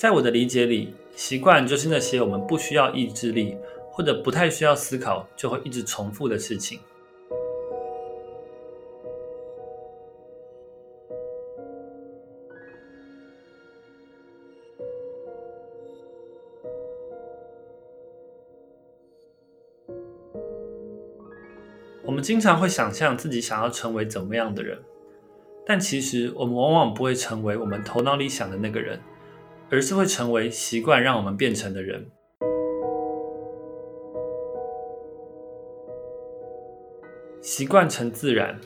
在我的理解裡，習慣就是那些我們不需要意志力，或者不太需要思考，就會一直重複的事情。我們經常會想象自己想要成為怎麼樣的人，但其實我們往往不會成為我們頭腦裡想的那個人。而是會成為習慣，讓我們變成的人。習慣成自然，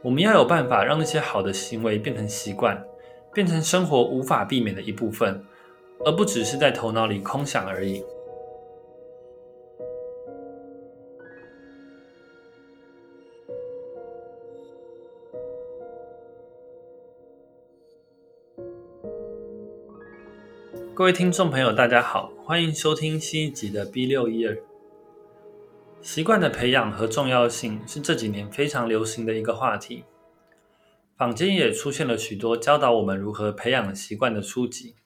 我們要有辦法讓那些好的行為變成習慣，變成生活無法避免的一部分，而不只是在頭腦裡空想而已。各位聽眾朋友，大家好，歡迎收聽新一集的 B 六一二。習慣的培養和重要性是這幾年非常流行的一個話題，坊間也出現了許多教導我們如何培養習慣的書籍。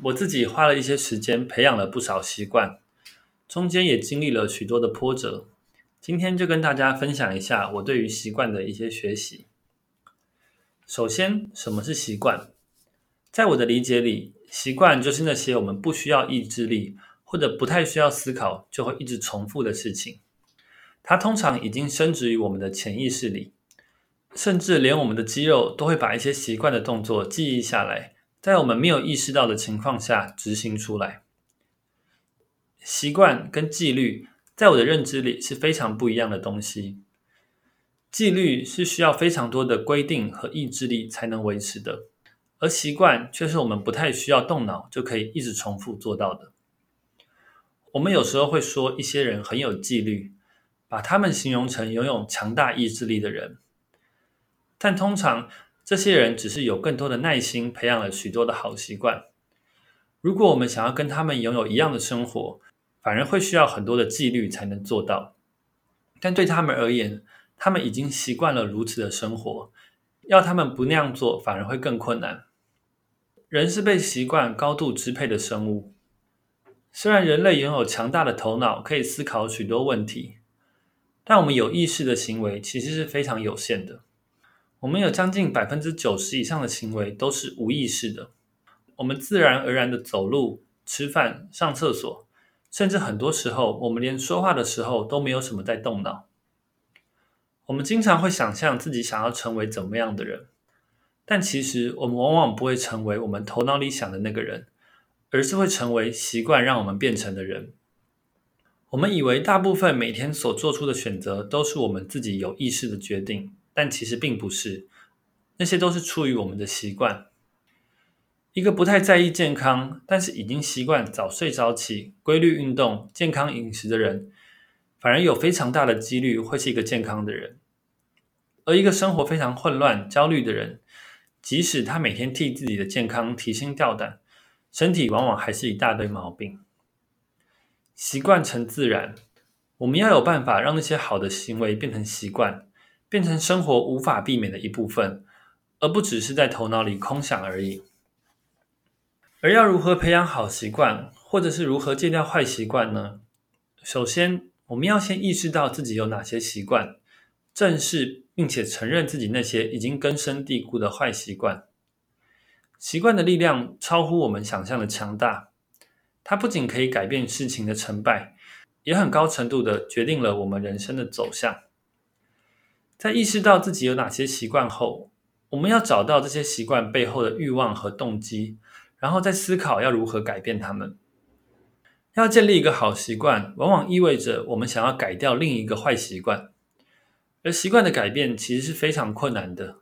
我自己花了一些時間培養了不少習慣，中間也經歷了許多的波折。今天就跟大家分享一下我對於習慣的一些學習。首先，什麼是習慣？在我的理解裡，習慣就是那些我們不需要意志力或者不太需要思考就會一直重複的事情。它通常已經深植於我們的潛意識裡，甚至連我們的肌肉都會把一些習慣的動作記憶下來，在我們沒有意識到的情況下執行出來。習慣跟紀律在我的認知裡是非常不一樣的東西。紀律是需要非常多的規定和意志力才能維持的。而習慣卻是我們不太需要動腦就可以一直重複做到的。我們有時候會說一些人很有紀律，把他們形容成擁有強大意志力的人。但通常這些人只是有更多的耐心，培養了許多的好習慣。如果我們想要跟他們擁有一樣的生活，反而會需要很多的紀律才能做到。但對他們而言，他們已經習慣了如此的生活，要他們不那樣做，反而會更困難。人是被習慣高度支配的生物，雖然人類擁有強大的頭腦，可以思考許多問題，但我們有意識的行為其實是非常有限的。我們有將近百分之九十以上的行為都是無意識的。我們自然而然的走路、吃飯、上廁所，甚至很多時候我們連說話的時候都沒有什麼在動腦。我們經常會想象自己想要成為怎麼樣的人。但其實我們往往不會成為我們頭腦裡想的那個人，而是會成為習慣讓我們變成的人。我們以為大部分每天所做出的選擇都是我們自己有意識的決定，但其實並不是，那些都是出於我們的習慣。一個不太在意健康，但是已經習慣早睡早起、規律運動、健康飲食的人，反而有非常大的幾率會是一個健康的人。而一個生活非常混亂、焦慮的人。即使他每天替自己的健康提心吊膽，身體往往還是一大堆毛病。習慣成自然，我們要有辦法讓那些好的行為變成習慣，變成生活無法避免的一部分，而不只是在頭腦裡空想而已。而要如何培養好習慣，或者是如何戒掉壞習慣呢？首先，我們要先意識到自己有哪些習慣。正視並且承認自己那些已經根深蒂固的壞習慣。習慣的力量超乎我們想象的強大，它不僅可以改變事情的成敗，也很高程度的決定了我們人生的走向。在意識到自己有哪些習慣後，我們要找到這些習慣背後的欲望和動機，然後再思考要如何改變它們。要建立一個好習慣，往往意味着我們想要改掉另一個壞習慣。而習慣的改變其實是非常困難的。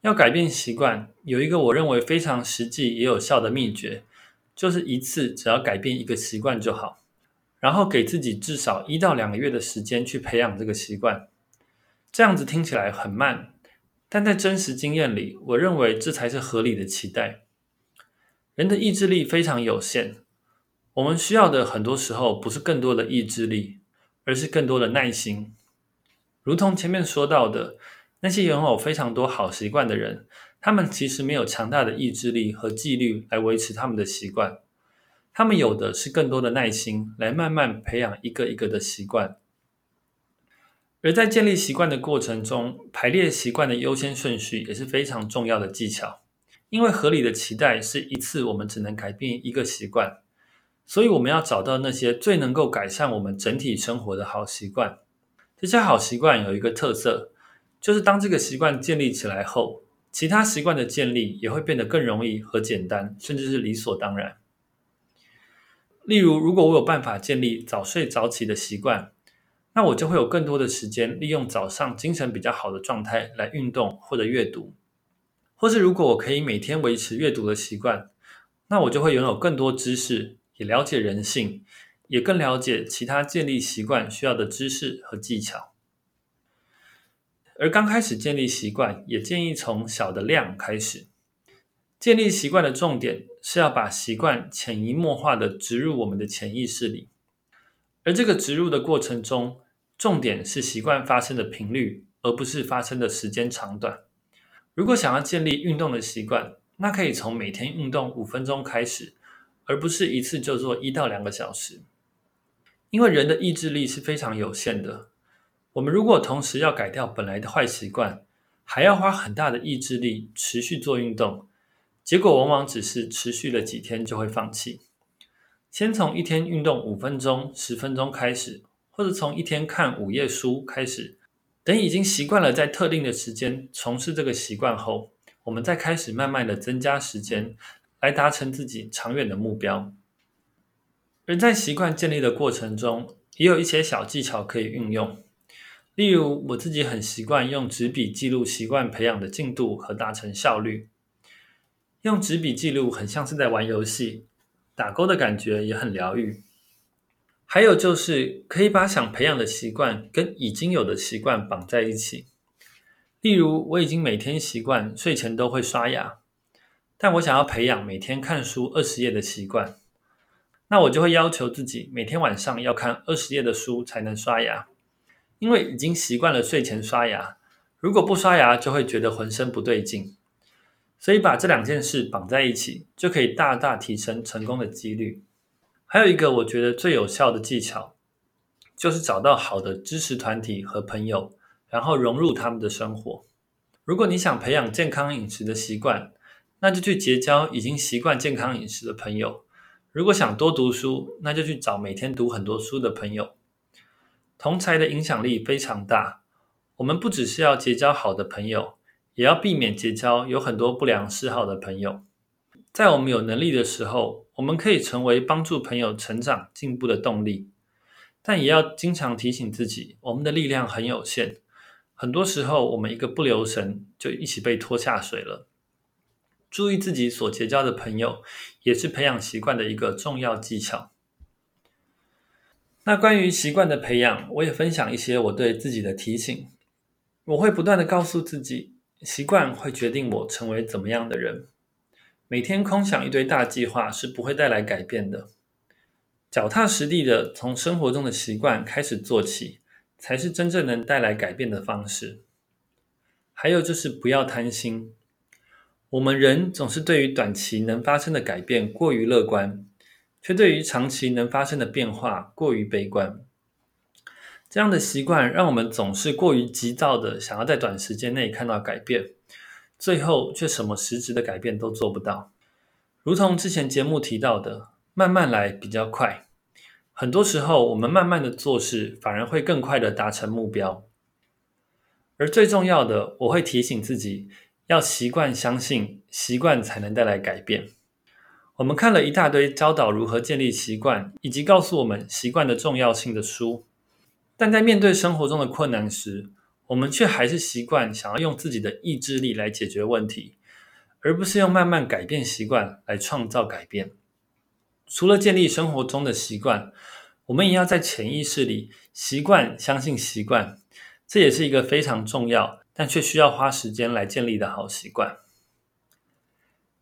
要改變習慣，有一個我認為非常實際也有效的秘訣，就是一次只要改變一個習慣就好，然後給自己至少一到兩個月的時間去培養這個習慣。這樣子聽起來很慢，但在真實經驗裡，我認為這才是合理的期待。人的意志力非常有限，我們需要的很多時候不是更多的意志力，而是更多的耐心。如同前面說到的，那些擁有非常多好習慣的人，他們其實沒有強大的意志力和紀律來維持他們的習慣，他們有的是更多的耐心，來慢慢培養一個一個的習慣。而在建立習慣的過程中，排列習慣的優先順序也是非常重要的技巧，因為合理的期待是一次我們只能改變一個習慣，所以我們要找到那些最能夠改善我們整體生活的好習慣。這些好習慣有一個特色，就是當這個習慣建立起來後，其他習慣的建立也會變得更容易和簡單，甚至是理所當然。例如，如果我有辦法建立早睡早起的習慣，那我就會有更多的時間利用早上精神比較好的狀態來運動或者閱讀；或是如果我可以每天維持閱讀的習慣，那我就會擁有更多知識，也了解人性。也更了解其他建立習慣需要的知識和技巧，而剛開始建立習慣，也建議從小的量開始。建立習慣的重點是要把習慣潛移默化的植入我們的潛意識裡，而這個植入的過程中，重點是習慣發生的頻率，而不是發生的時間長短。如果想要建立運動的習慣，那可以從每天運動五分鐘開始，而不是一次就做一到兩個小時。因為人的意志力是非常有限的，我們如果同時要改掉本來的壞習慣，還要花很大的意志力持續做運動，結果往往只是持續了幾天就會放棄。先從一天運動五分鐘、十分鐘開始，或者從一天看五頁書開始，等已經習慣了在特定的時間從事這個習慣後，我們再開始慢慢的增加時間，來達成自己長遠的目標。人在習慣建立的過程中，也有一些小技巧可以運用。例如，我自己很習慣用紙筆記錄習慣培養的進度和達成效率。用紙筆記錄很像是在玩遊戲，打勾的感覺也很療愈。還有就是可以把想培養的習慣跟已經有的習慣綁在一起。例如，我已經每天習慣睡前都會刷牙，但我想要培養每天看書二十頁的習慣。那我就會要求自己每天晚上要看二十頁的書才能刷牙，因為已經習慣了睡前刷牙，如果不刷牙就會覺得渾身不對勁，所以把這兩件事綁在一起就可以大大提升成功的幾率。還有一個我覺得最有效的技巧，就是找到好的支持團體和朋友，然後融入他們的生活。如果你想培養健康飲食的習慣，那就去結交已經習慣健康飲食的朋友。如果想多讀書，那就去找每天讀很多書的朋友。同儕的影響力非常大，我們不只是要結交好的朋友，也要避免結交有很多不良嗜好的朋友。在我們有能力的時候，我們可以成為幫助朋友成長進步的動力，但也要經常提醒自己，我們的力量很有限，很多時候我們一個不留神就一起被拖下水了。注意自己所結交的朋友，也是培養習慣的一個重要技巧。那關於習慣的培養，我也分享一些我對自己的提醒。我會不斷的告訴自己，習慣會決定我成為怎麼樣的人。每天空想一堆大計劃是不會帶來改變的。腳踏實地的從生活中的習慣開始做起，才是真正能帶來改變的方式。還有就是不要貪心。我們人總是對於短期能發生的改變過於樂觀，卻對於長期能發生的變化過於悲觀。這樣的習慣讓我們總是過於急躁的想要在短時間內看到改變，最後卻什麼實質的改變都做不到。如同之前節目提到的，慢慢來比較快。很多時候，我們慢慢的做事，反而會更快的達成目標。而最重要的，我會提醒自己。要習慣相信，習慣才能帶來改變。我們看了一大堆教導如何建立習慣以及告訴我們習慣的重要性的書，但在面對生活中的困難時，我們卻還是習慣想要用自己的意志力來解決問題，而不是用慢慢改變習慣來創造改變。除了建立生活中的習慣，我們也要在潛意識裡習慣相信習慣，這也是一個非常重要但卻需要花時間來建立的好習慣。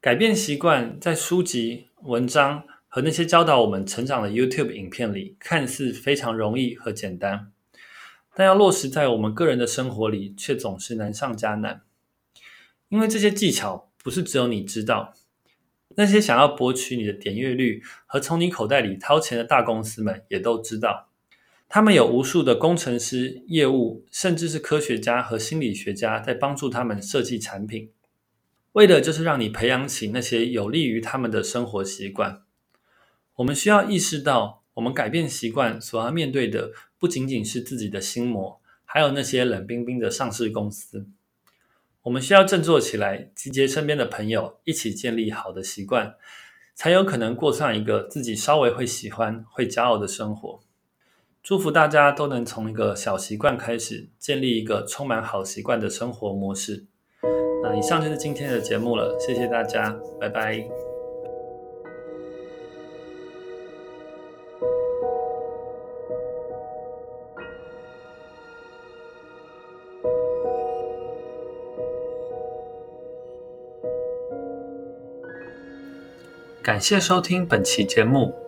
改變習慣，在書籍、文章和那些教導我們成長的 YouTube 影片裡，看似非常容易和簡單。但要落實在我們個人的生活裡，卻總是難上加難。因為這些技巧不是只有你知道，那些想要博取你的點閱率和從你口袋裡掏錢的大公司們也都知道。他們有無數的工程師、業務，甚至是科學家和心理學家在幫助他們設計產品，為的就是讓你培養起那些有利於他們的生活習慣。我們需要意識到，我們改變習慣所要面對的不僅僅是自己的心魔，還有那些冷冰冰的上市公司。我們需要振作起來，集結身邊的朋友，一起建立好的習慣，才有可能過上一個自己稍微會喜歡、會驕傲的生活。祝福大家都能從一個小習慣開始，建立一個充滿好習慣的生活模式。那以上就是今天的節目了，謝謝大家，拜拜。感謝收聽本期節目。